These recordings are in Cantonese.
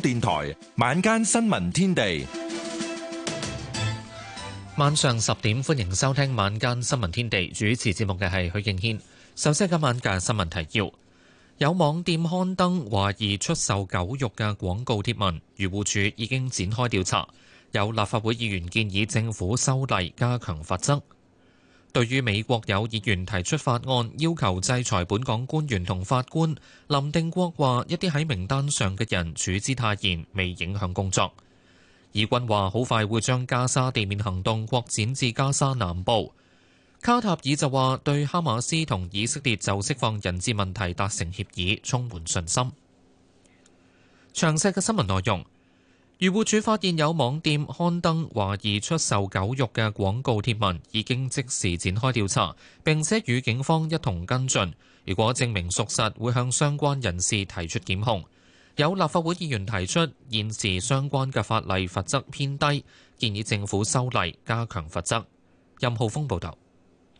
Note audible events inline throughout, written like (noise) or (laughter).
電台晚間新聞天地，晚上十點歡迎收聽晚間新聞天地。主持節目嘅係許敬軒。首先今晚嘅新聞提要：有網店刊登懷疑出售狗肉嘅廣告貼文，漁護署已經展開調查。有立法會議員建議政府修例加強罰則。對於美國有議員提出法案，要求制裁本港官員同法官，林定國話一啲喺名單上嘅人處之泰然，未影響工作。以軍話好快會將加沙地面行動擴展至加沙南部。卡塔爾就話對哈馬斯同以色列就釋放人質問題達成協議充滿信心。詳細嘅新聞內容。漁護署發現有網店刊登懷疑出售狗肉嘅廣告貼文，已經即時展開調查，並且與警方一同跟進。如果證明屬實，會向相關人士提出檢控。有立法會議員提出現時相關嘅法例罰則偏低，建議政府修例加強罰則。任浩峰報道。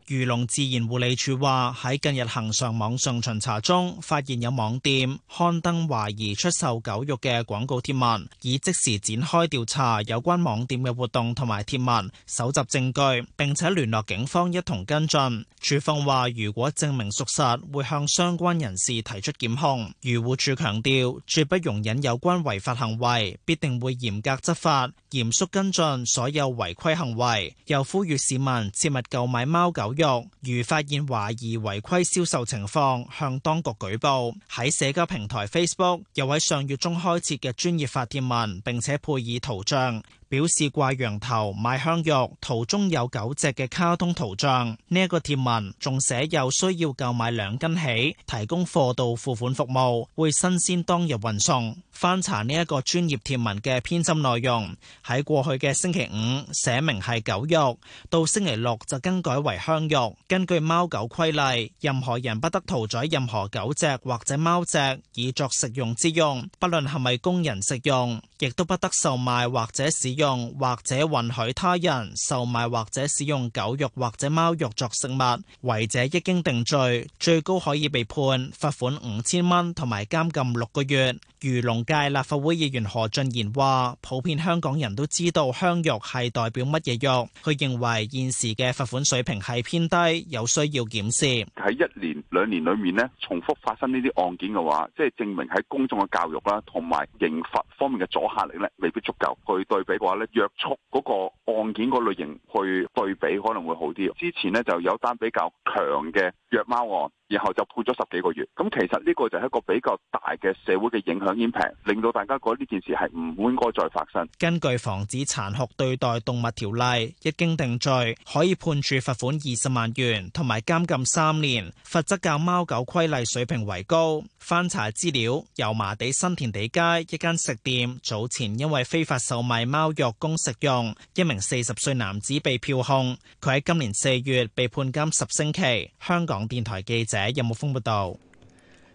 漁農自然護理署話喺近日行上網上巡查中，發現有網店刊登懷疑出售狗肉嘅廣告貼文，已即時展開調查有關網店嘅活動同埋貼文，搜集證據，並且聯絡警方一同跟進。署方話如果證明屬實，會向相關人士提出檢控。漁護署強調，絕不容忍有關違法行為，必定會嚴格執法、嚴肅跟進所有違規行為，又呼籲市民切勿購買貓狗。如發現懷疑違規銷售情況，向當局舉報。喺社交平台 Facebook 有喺上月中開設嘅專頁發帖文，並且配以圖像。表示掛羊頭賣香肉，圖中有狗隻嘅卡通圖像。呢、這、一個貼文仲寫有需要購買兩斤起，提供貨到付款服務，會新鮮當日運送。翻查呢一個專業貼文嘅編輯內容，喺過去嘅星期五寫明係狗肉，到星期六就更改為香肉。根據貓狗規例，任何人不得屠宰任何狗隻或者貓隻以作食用之用，不論係咪供人食用，亦都不得售賣或者使用。用或者允許他人售賣或者使用狗肉或者貓肉作食物。違者一經定罪，最高可以被判罰款五千蚊同埋監禁六個月。漁農界立法會議員何俊賢話普遍香港人都知道香肉係代表乜嘢肉。佢認為現時嘅罰款水平係偏低，有需要檢視。喺一年兩年裏面呢，重複發生呢啲案件嘅話，即係證明喺公眾嘅教育啦，同埋刑罰方面嘅阻吓力呢，未必足夠，去對比過。咧約束嗰個案件個類型去對比可能會好啲。之前呢，就有單比較強嘅約貓案。然後就判咗十幾個月，咁其實呢個就係一個比較大嘅社會嘅影響 impact，令到大家覺得呢件事係唔應該再發生。根據防止殘酷對待動物條例，一經定罪，可以判處罰款二十萬元同埋監禁三年。罰則較貓狗規例水平為高。翻查資料，油麻地新填地街一間食店早前因為非法售賣貓肉供食用，一名四十歲男子被票控，佢喺今年四月被判監十星期。香港電台記者。者任慕峰報道，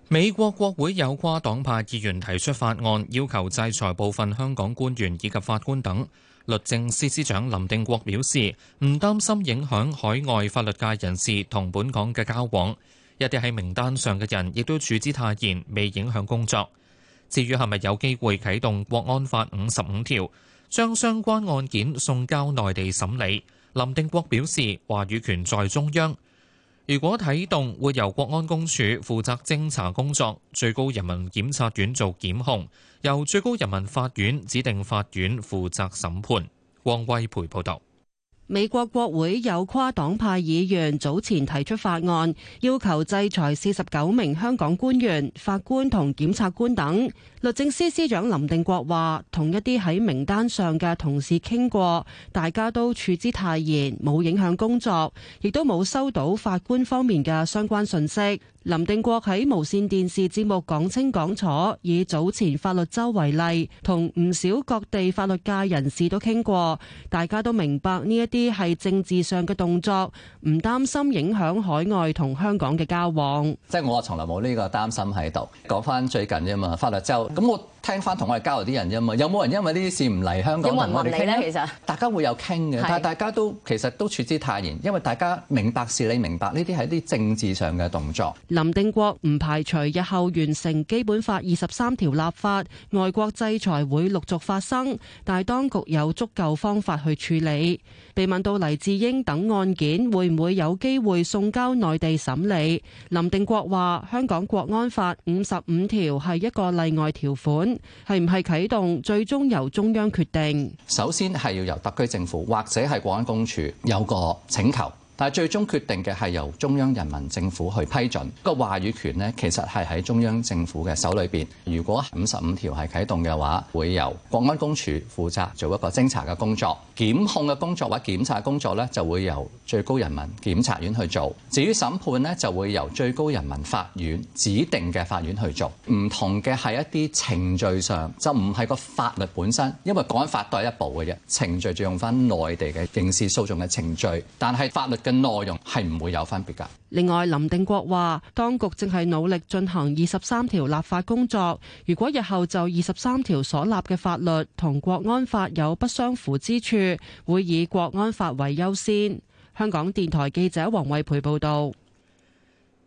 美國國會有關黨派議員提出法案，要求制裁部分香港官員以及法官等。律政司司長林定國表示，唔擔心影響海外法律界人士同本港嘅交往。一啲喺名單上嘅人亦都處之泰然，未影響工作至是是。至於係咪有機會啟動國安法五十五條，將相關案件送交內地審理，林定國表示，話語權在中央。如果啟動，會由國安公署負責偵查工作，最高人民檢察院做檢控，由最高人民法院指定法院負責審判。王惠培報導。美國國會有跨黨派議員早前提出法案，要求制裁四十九名香港官員、法官同檢察官等。律政司司長林定國話，同一啲喺名單上嘅同事傾過，大家都處之泰然，冇影響工作，亦都冇收到法官方面嘅相關信息。林定國喺無綫電視節目講清講楚，以早前法律週為例，同唔少各地法律界人士都傾過，大家都明白呢一啲係政治上嘅動作，唔擔心影響海外同香港嘅交往。即係我從來冇呢個擔心喺度。講翻最近啫嘛，法律週咁我。聽翻同我哋交流啲人啫嘛，有冇人因為呢啲事唔嚟香港同我哋傾咧？大家會有傾嘅，但係大家都其實都處之泰然，因為大家明白事理，明白呢啲係一啲政治上嘅動作。林定國唔排除日後完成基本法二十三條立法，外國制裁會陸續發生，但係當局有足夠方法去處理。被問到黎智英等案件會唔會有機會送交內地審理，林定國話：香港國安法五十五條係一個例外條款，係唔係啟動，最終由中央決定。首先係要由特區政府或者係國安公署有個請求。但係最終決定嘅係由中央人民政府去批准，個話語權呢，其實係喺中央政府嘅手裏邊。如果五十五條係啟動嘅話，會由國安公署負責做一個偵查嘅工作、檢控嘅工作或者檢查工作呢，就會由最高人民檢察院去做。至於審判呢，就會由最高人民法院指定嘅法院去做。唔同嘅係一啲程序上，就唔係個法律本身，因為國安法都係一部嘅啫，程序就用翻內地嘅刑事訴訟嘅程序，但係法律嘅內容係唔會有分別㗎。另外，林定國話，當局正係努力進行二十三條立法工作。如果日後就二十三條所立嘅法律同國安法有不相符之處，會以國安法為優先。香港電台記者黃惠培報道。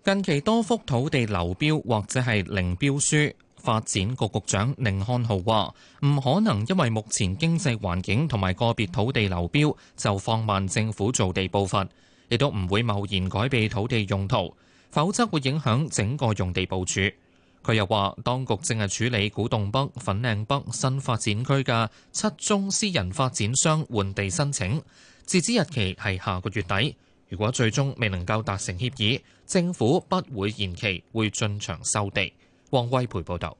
近期多幅土地流標或者係零標書，發展局局長寧漢豪話：唔可能因為目前經濟環境同埋個別土地流標就放慢政府造地步伐。亦都唔會貿然改變土地用途，否則會影響整個用地部署。佢又話，當局正係處理古洞北、粉嶺北新發展區嘅七宗私人發展商換地申請，截止日期係下個月底。如果最終未能夠達成協議，政府不會延期，會進場收地。王威培報導。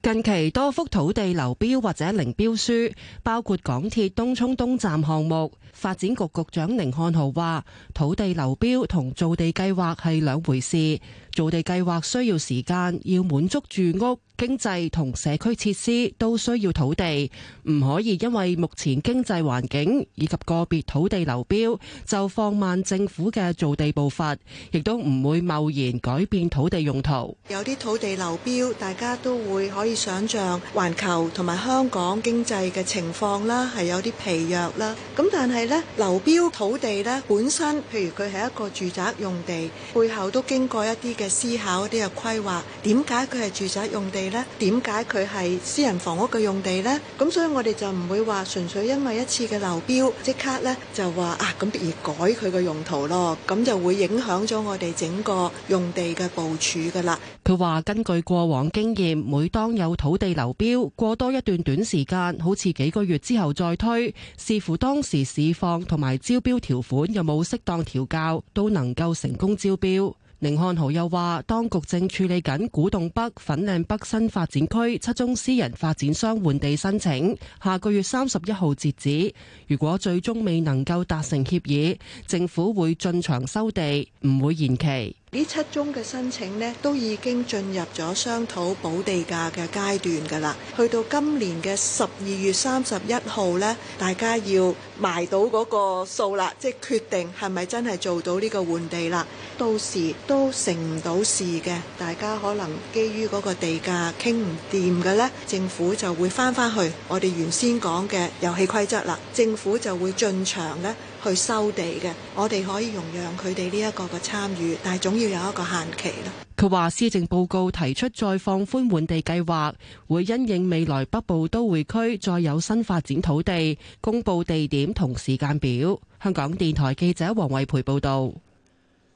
近期多幅土地流標或者零標書，包括港鐵東涌東站項目。發展局局長甯漢豪話：土地流標同造地計劃係兩回事，造地計劃需要時間，要滿足住屋。經濟同社區設施都需要土地，唔可以因為目前經濟環境以及個別土地流標就放慢政府嘅造地步伐，亦都唔會貿然改變土地用途。有啲土地流標，大家都會可以想象，環球同埋香港經濟嘅情況啦，係有啲疲弱啦。咁但係呢，流標土地呢本身，譬如佢係一個住宅用地，背後都經過一啲嘅思考、一啲嘅規劃，點解佢係住宅用地？咧點解佢係私人房屋嘅用地呢？咁所以我哋就唔會話純粹因為一次嘅流標即刻咧就話啊，咁不如改佢嘅用途咯，咁就會影響咗我哋整個用地嘅部署噶啦。佢話根據過往經驗，每當有土地流標過多一段短時間，好似幾個月之後再推，視乎當時市況同埋招標條款有冇適當調校，都能夠成功招標。甯漢豪又話，當局正處理緊古洞北、粉嶺北新發展區七宗私人發展商換地申請，下個月三十一號截止。如果最終未能夠達成協議，政府會進場收地，唔會延期。呢七宗嘅申請呢，都已經進入咗商討補地價嘅階段㗎啦。去到今年嘅十二月三十一號呢，大家要埋到嗰個數啦，即係決定係咪真係做到呢個換地啦？到時都成唔到事嘅，大家可能基於嗰個地價傾唔掂嘅呢，政府就會翻返去我哋原先講嘅遊戲規則啦。政府就會進場呢。去收地嘅，我哋可以容讓佢哋呢一個嘅參與，但係總要有一個限期。佢話施政報告提出再放寬換地計劃，會因應未來北部都會區再有新發展土地，公布地點同時間表。香港電台記者黃慧培報道。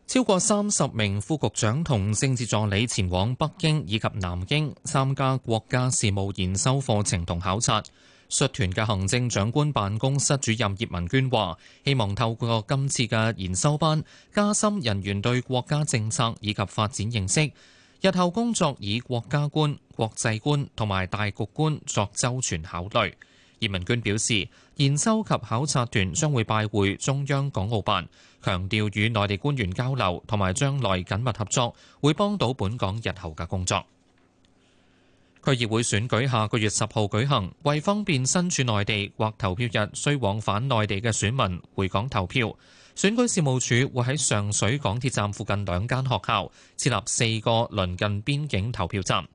超過三十名副局長同政治助理前往北京以及南京參加國家事務研修課程同考察。率團嘅行政長官辦公室主任葉文娟話：希望透過今次嘅研修班，加深人員對國家政策以及發展認識，日後工作以國家觀、國際觀同埋大局觀作周全考慮。葉文娟表示，研修及考察團將會拜會中央港澳辦，強調與內地官員交流同埋將來緊密合作，會幫到本港日後嘅工作。區議會選舉下個月十號舉行，為方便身處內地或投票日需往返內地嘅選民回港投票，選舉事務處會喺上水港鐵站附近兩間學校設立四個鄰近邊境投票站。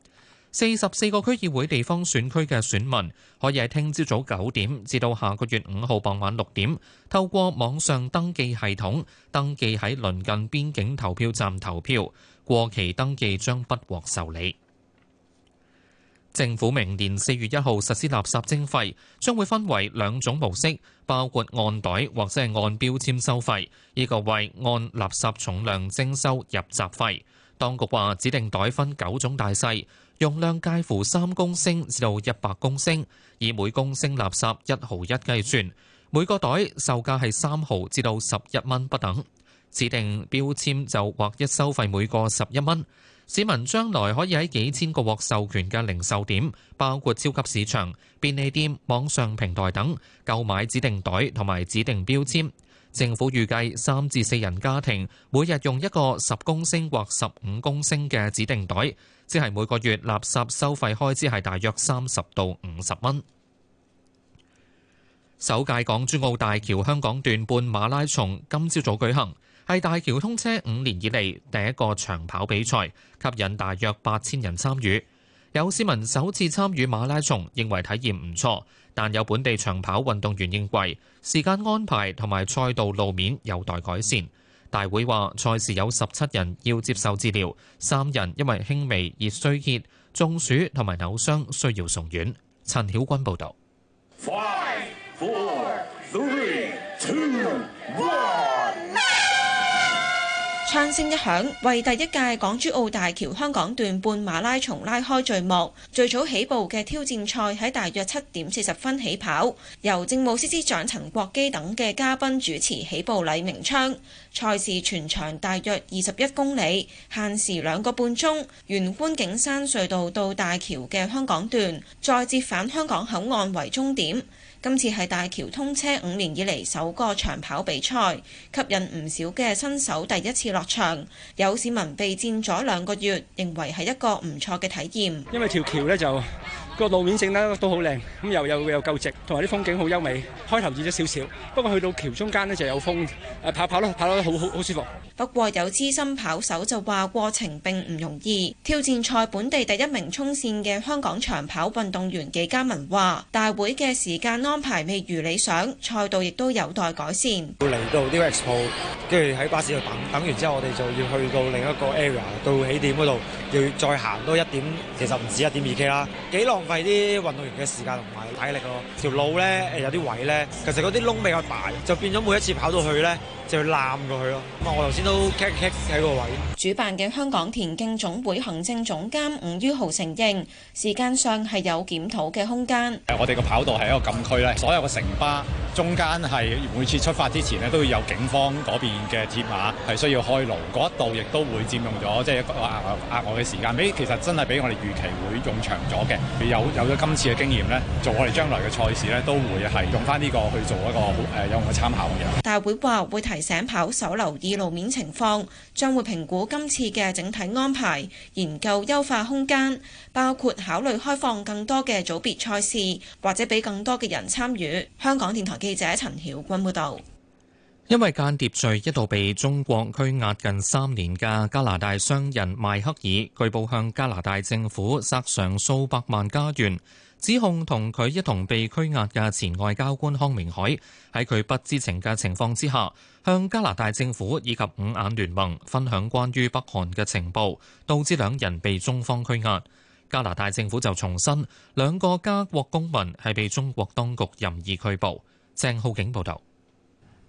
四十四個區議會地方選區嘅選民可以喺聽朝早九點至到下個月五號傍晚六點，透過網上登記系統登記喺鄰近邊境投票站投票。過期登記將不獲受理。政府明年四月一號實施垃圾徵費，將會分為兩種模式，包括按袋或者係按標籤收費。呢個為按垃圾重量徵收入閘費。當局話指定袋分九種大細，容量介乎三公升至到一百公升，以每公升垃圾一毫一計算。每個袋售價係三毫至到十一蚊不等。指定標籤就劃一收費每個十一蚊。市民將來可以喺幾千個獲授權嘅零售點，包括超級市場、便利店、網上平台等，購買指定袋同埋指定標籤。政府預計三至四人家庭每日用一個十公升或十五公升嘅指定袋，即係每個月垃圾收費開支係大約三十到五十蚊。首屆港珠澳大橋香港段半馬拉松今朝早舉行。係大橋通車五年以嚟第一個長跑比賽，吸引大約八千人參與。有市民首次參與馬拉松，認為體驗唔錯，但有本地長跑運動員認為時間安排同埋賽道路面有待改善。大會話賽事有十七人要接受治療，三人因為輕微熱衰竭、中暑同埋扭傷需要送院。陳曉君報導。Five, four, three, two, 槍聲一響，為第一屆港珠澳大橋香港段半馬拉松拉開序幕。最早起步嘅挑戰賽喺大約七點四十分起跑，由政務司司長陳國基等嘅嘉賓主持起步禮鳴槍。賽事全長大約二十一公里，限時兩個半鐘。沿觀景山隧道到大橋嘅香港段，再折返香港口岸為終點。今次係大橋通車五年以嚟首個長跑比賽，吸引唔少嘅新手第一次落場。有市民備戰咗兩個月，認為係一個唔錯嘅體驗。因為條橋呢就。個路面整得都好靚，咁又，又又又夠直，同埋啲風景好優美。開頭熱咗少少，不過去到橋中間呢就有風，誒跑跑咯，跑，跑得好好好舒服。不過有資深跑手就話過程並唔容易。挑戰賽本地第一名衝線嘅香港長跑運動員紀嘉文話，大會嘅時間安排未如理想，賽道亦都有待改善。嚟到 Expo 跟住喺巴士度等等完之後，我哋就要去到另一個 area 到起點嗰度，要再行多一點，其實唔止一點二 K 啦，浪費啲運動員嘅時間同埋體力咯，條路呢有啲位呢，其實嗰啲窿比較大，就變咗每一次跑到去呢就要過去攬去咯。咁啊，我頭先都 kick kick 喺個位。主辦嘅香港田徑總會行政總監吳於豪承認，時間上係有檢討嘅空間。誒，我哋個跑道係一個禁區咧，所有嘅城巴中間係每次出發之前呢都要有警方嗰邊嘅鐵馬係需要開路，嗰一道亦都會佔用咗，即係一個額額外嘅時間。誒，其實真係比我哋預期會用長咗嘅。有有咗今次嘅經驗咧，做我哋將來嘅賽事咧，都會係用翻呢個去做一個誒有用嘅參考嘅。大會話會提醒跑手留意路面情況，將會評估今次嘅整體安排，研究優化空間，包括考慮開放更多嘅組別賽事，或者俾更多嘅人參與。香港電台記者陳曉君報道。因為間諜罪一度被中國拘押近三年嘅加拿大商人邁克爾據報向加拿大政府索償數百萬加元。指控同佢一同被拘押嘅前外交官康明凱，喺佢不知情嘅情況之下，向加拿大政府以及五眼聯盟分享關於北韓嘅情報，導致兩人被中方拘押。加拿大政府就重申，兩個加國公民係被中國當局任意拘捕。鄭浩景報道。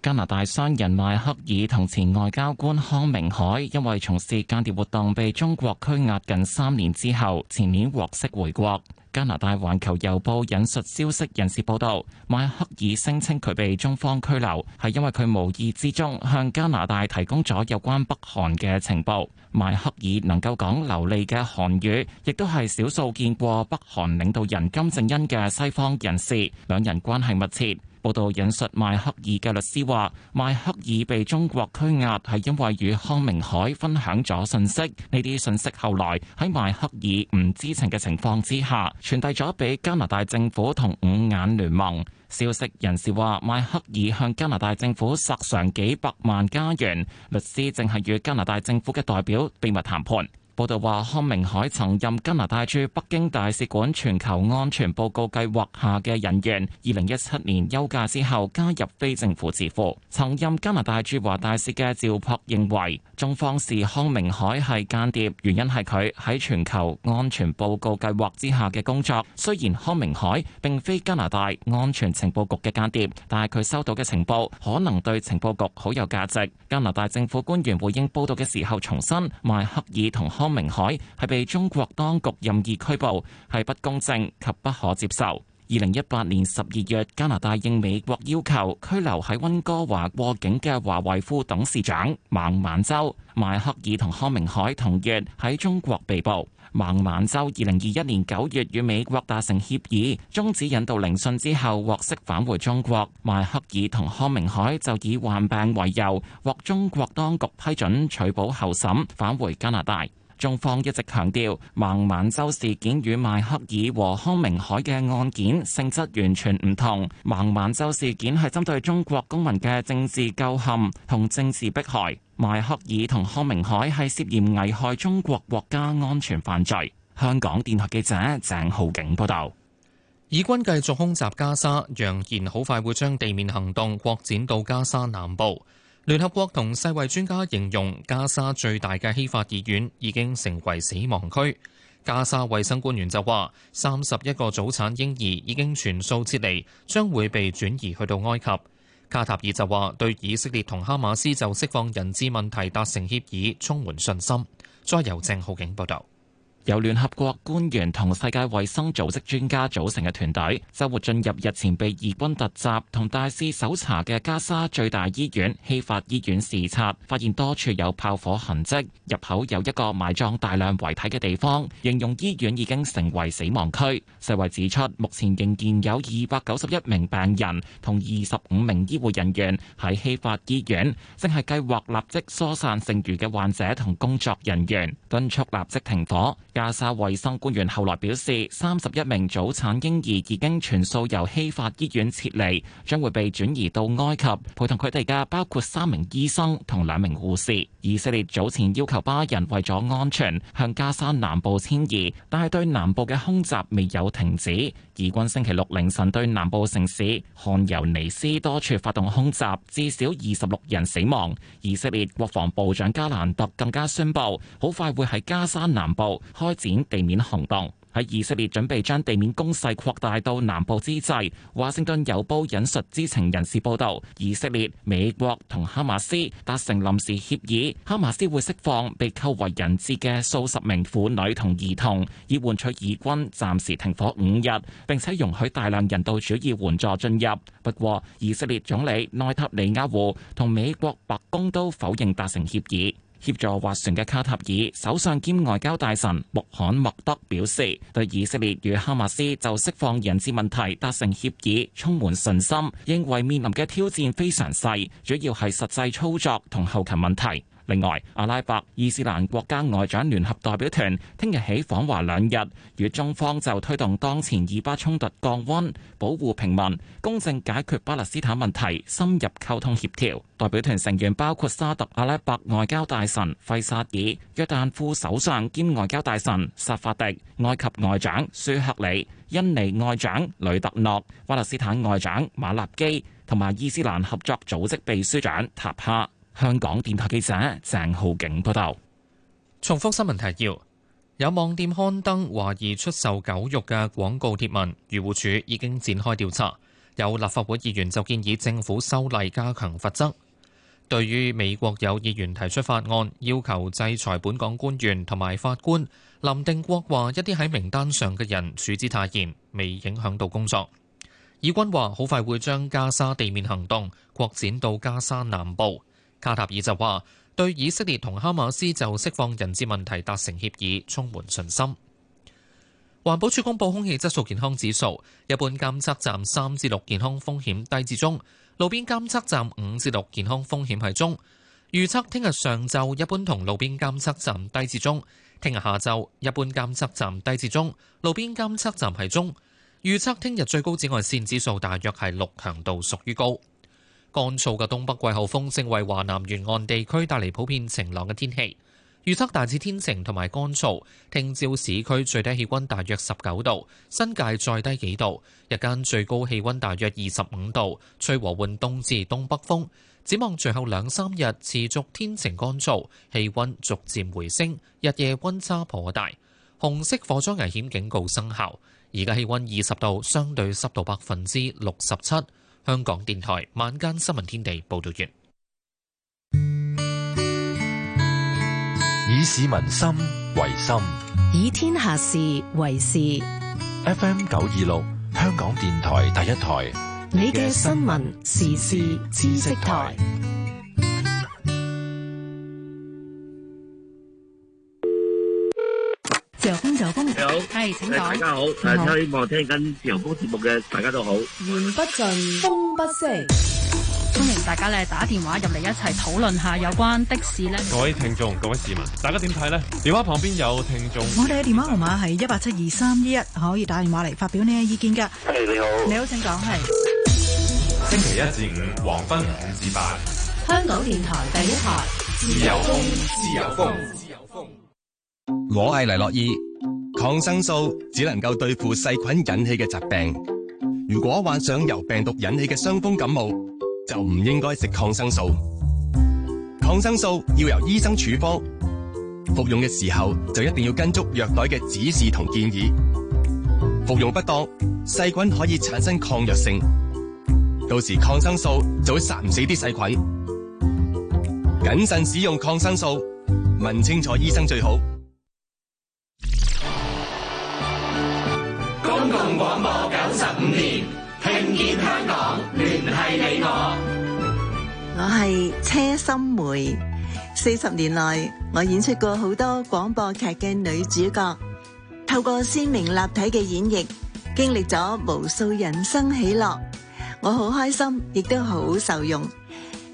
加拿大商人邁克爾同前外交官康明凱，因為從事間諜活動被中國拘押近三年之後，前年獲釋回國。加拿大環球郵報引述消息人士報道，邁克爾聲稱佢被中方拘留係因為佢無意之中向加拿大提供咗有關北韓嘅情報。邁克爾能夠講流利嘅韓語，亦都係少數見過北韓領導人金正恩嘅西方人士，兩人關係密切。報道引述邁克爾嘅律師話：邁克爾被中國拘押係因為與康明凱分享咗信息，呢啲信息後來喺邁克爾唔知情嘅情況之下，傳遞咗俾加拿大政府同五眼聯盟。消息人士話邁克爾向加拿大政府索償幾百萬加元，律師正係與加拿大政府嘅代表秘密談判。報道話，康明凱曾任加拿大駐北京大使館全球安全報告計劃下嘅人員。二零一七年休假之後加入非政府智庫。曾任加拿大駐華大使嘅趙朴認為，中方視康明凱係間諜，原因係佢喺全球安全報告計劃之下嘅工作。雖然康明凱並非加拿大安全情報局嘅間諜，但係佢收到嘅情報可能對情報局好有價值。加拿大政府官員回應報道嘅時候，重申邁克爾同康。康明凱係被中國當局任意拘捕，係不公正及不可接受。二零一八年十二月，加拿大應美國要求拘留喺温哥華過境嘅華為副董事長孟晚舟。邁克爾同康明凱同月喺中國被捕。孟晚舟二零二一年九月與美國達成協議，終止引渡聆訊之後獲釋返回中國。邁克爾同康明凱就以患病為由，獲中國當局批准取保候審，返回加拿大。中方一直強調孟晚舟事件與邁克爾和康明凱嘅案件性質完全唔同。孟晚舟事件係針對中國公民嘅政治構陷同政治迫害，邁克爾同康明凱係涉嫌危害中國國家安全犯罪。香港電台記者鄭浩景報道，以軍繼續空襲加沙，揚言好快會將地面行動擴展到加沙南部。聯合國同世衛專家形容加沙最大嘅希法醫院已經成為死亡區。加沙衛生官員就話，三十一個早產嬰兒已經全數撤離，將會被轉移去到埃及。卡塔爾就話對以色列同哈馬斯就釋放人質問題達成協議充滿信心。再由鄭浩景報道。由聯合國官員同世界衛生組織專家組成嘅團隊就會進入日前被以軍突襲同大肆搜查嘅加沙最大醫院希法醫院視察，發現多處有炮火痕跡，入口有一個埋葬大量遺體嘅地方，形容醫院已經成為死亡區。世衛指出，目前仍然有二百九十一名病人同二十五名醫護人員喺希法醫院，正係計劃立即疏散剩餘嘅患者同工作人員，敦促立即停火。加沙衛生官員後來表示，三十一名早產嬰兒已經全數由希法醫院撤離，將會被轉移到埃及。陪同佢哋嘅包括三名醫生同兩名護士。以色列早前要求巴人為咗安全向加沙南部遷移，但係對南部嘅空襲未有停止。以軍星期六凌晨對南部城市汗尤尼斯多處發動空襲，至少二十六人死亡。以色列國防部長加蘭特更加宣布，好快會喺加沙南部開展地面行動。喺以色列準備將地面攻勢擴大到南部之際，華盛頓郵報引述知情人士報道，以色列、美國同哈馬斯達成臨時協議，哈馬斯會釋放被扣為人質嘅數十名婦女同兒童，以換取以軍暫時停火五日，並且容許大量人道主義援助進入。不過，以色列總理內塔尼亞胡同美國白宮都否認達成協議。協助斡旋嘅卡塔爾首相兼外交大臣穆罕默德表示，對以色列與哈馬斯就釋放人質問題達成協議充滿信心，認為面臨嘅挑戰非常細，主要係實際操作同後勤問題。另外，阿拉伯伊斯蘭國家外長聯合代表團聽日起訪華兩日，與中方就推動當前以巴衝突降溫、保護平民、公正解決巴勒斯坦問題深入溝通協調。代表團成員包括沙特阿拉伯外交大臣費薩爾、約旦副首相兼外交大臣薩法迪、埃及外長舒克里、印尼外長雷特諾、巴勒斯坦外長馬立基同埋伊斯蘭合作組織秘書長塔哈。香港電台記者鄭浩景報道。重複新聞提要：有網店刊登懷疑出售狗肉嘅廣告貼文，漁護署已經展開調查。有立法會議員就建議政府修例加強罰則。對於美國有議員提出法案，要求制裁本港官員同埋法官，林定國話一啲喺名單上嘅人處之泰然，未影響到工作。以軍話好快會將加沙地面行動擴展到加沙南部。卡塔爾就話對以色列同哈馬斯就釋放人質問題達成協議，充滿信心。環保署公佈空氣質素健康指數，一般監測站三至六，健康風險低至中，路邊監測站五至六，健康風險係中。預測聽日上晝一般同路邊監測站低至中，聽日下晝一般監測站低至中，路邊監測站係中。預測聽日最高紫外線指數大約係六強度，屬於高。乾燥嘅東北季候風正為華南沿岸地區帶嚟普遍晴朗嘅天氣，預測大致天晴同埋乾燥，聽朝市區最低氣温大約十九度，新界再低幾度，日間最高氣温大約二十五度，吹和緩東至東北風。展望最後兩三日持續天晴乾燥，氣温逐漸回升，日夜温差頗大。紅色火災危險警告生效，而家氣温二十度，相對濕度百分之六十七。香港電台晚間新聞天地報道完，以市民心為心，以天下事為事。FM 九二六，香港電台第一台，你嘅新聞時事知識台。接通，接通。係，okay, 請講。大家好，我、嗯、好聽緊自由風節目嘅，大家都好。言不盡，風不息。歡迎大家咧打電話入嚟一齊討論下有關的士咧。各位聽眾，各位市民，大家點睇咧？電話旁邊有聽眾。我哋嘅電話號碼係一八七二三一一，可以打電話嚟發表你嘅意見㗎。Hey, 你好。你好，請講。係星期一至五黃昏五至八。香港電台第一台，自由風，自由風，自由風。由風我係黎樂義。抗生素只能夠對付細菌引起嘅疾病，如果患上由病毒引起嘅傷風感冒，就唔應該食抗生素。抗生素要由醫生處方，服用嘅時候就一定要跟足藥袋嘅指示同建議。服用不當，細菌可以產生抗藥性，到時抗生素就會殺唔死啲細菌。謹慎使用抗生素，問清楚醫生最好。共廣播九十五年，聽見香港，聯繫你我。我係車心梅，四十年來，我演出過好多廣播劇嘅女主角，透過鮮明立體嘅演繹，經歷咗無數人生喜樂。我好開心，亦都好受用。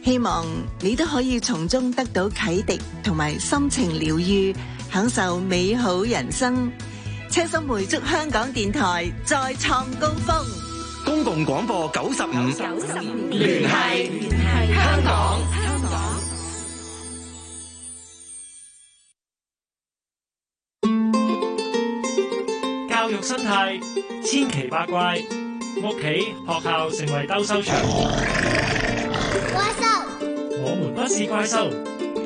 希望你都可以從中得到啟迪同埋心情療愈，享受美好人生。車心梅祝香港電台再創高峰，公共廣播九十五，九十五，聯繫，聯繫香港。香港教育生態千奇百怪，屋企學校成為鬥獸場，怪獸，我們不是怪獸。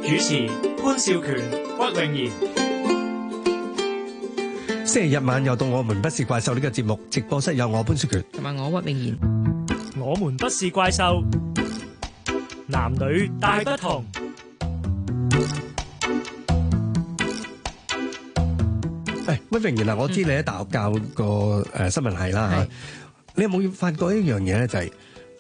主持潘少權、屈穎妍。星期日晚又到，我們不是怪獸呢、這個節目直播室有我潘雪權同埋我屈明賢，我們不是怪獸，男女大不同。誒、嗯，屈明賢嗱，我知道你喺大學教個誒新聞系啦吓，嗯、你有冇發覺一樣嘢咧？就係、是，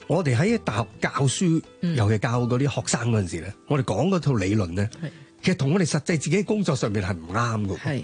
我哋喺大學教書，嗯、尤其是教嗰啲學生嗰陣時咧，我哋講嗰套理論咧，是其實同我哋實際自己工作上面係唔啱嘅。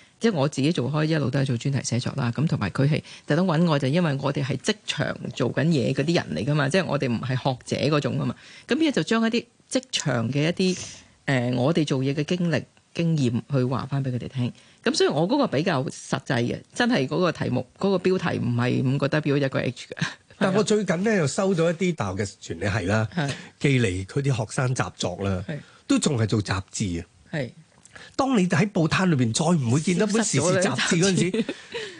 即係我自己做開一路都係做專題寫作啦，咁同埋佢係特登揾我，就是、因為我哋係職場做緊嘢嗰啲人嚟噶嘛，即、就、係、是、我哋唔係學者嗰種㗎嘛。咁依家就將一啲職場嘅一啲誒、呃，我哋做嘢嘅經歷經驗去話翻俾佢哋聽。咁所以，我嗰個比較實際嘅，真係嗰個題目嗰、嗰個標題唔係五個 W 一個 H 噶。但我最近呢，又收到一啲大學嘅傳理係啦，的寄嚟佢啲學生習作啦，是的都仲係做雜誌啊。係。當你喺報攤裏面再唔會見到本時事雜誌嗰陣時，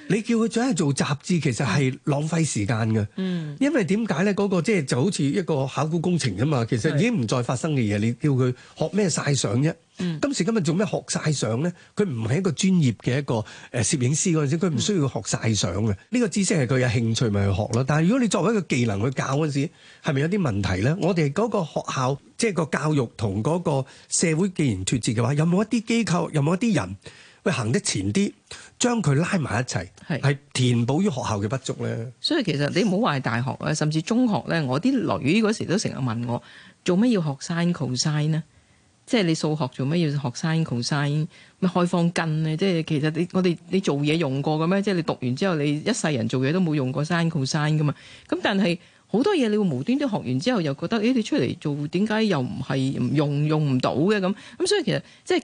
你， (laughs) 你叫佢再去做雜誌，其實係浪費時間嘅。嗯、因為點解咧？嗰、嗰個即係就好似一個考古工程吖嘛。其實已經唔再發生嘅嘢，你叫佢學咩晒相啫？今時今日做咩學晒相咧？佢唔係一個專業嘅一個誒攝影師嗰陣時，佢唔需要學晒相嘅。呢個知識係佢有興趣咪去學咯。但係如果你作為一個技能去教嗰陣時，係咪有啲問題咧？我哋嗰個學校即係個教育同嗰個社會既然脫節嘅話，有冇一啲機構，有冇一啲人會行得前啲，將佢拉埋一齊，係填補於學校嘅不足咧？所以其實你唔好話係大學咧，甚至中學咧，我啲女嗰時都成日問我做咩要學 sin cosine 即係你數學做咩要學 sine cosine 咩開方根咧？即係其實你我哋你做嘢用過嘅咩？即係你讀完之後，你一世人做嘢都冇用過 sin、cosine 嘅嘛。咁但係好多嘢你會無端端學完之後又覺得，誒你出嚟做點解又唔係唔用用唔到嘅咁咁？所以其實即係。就是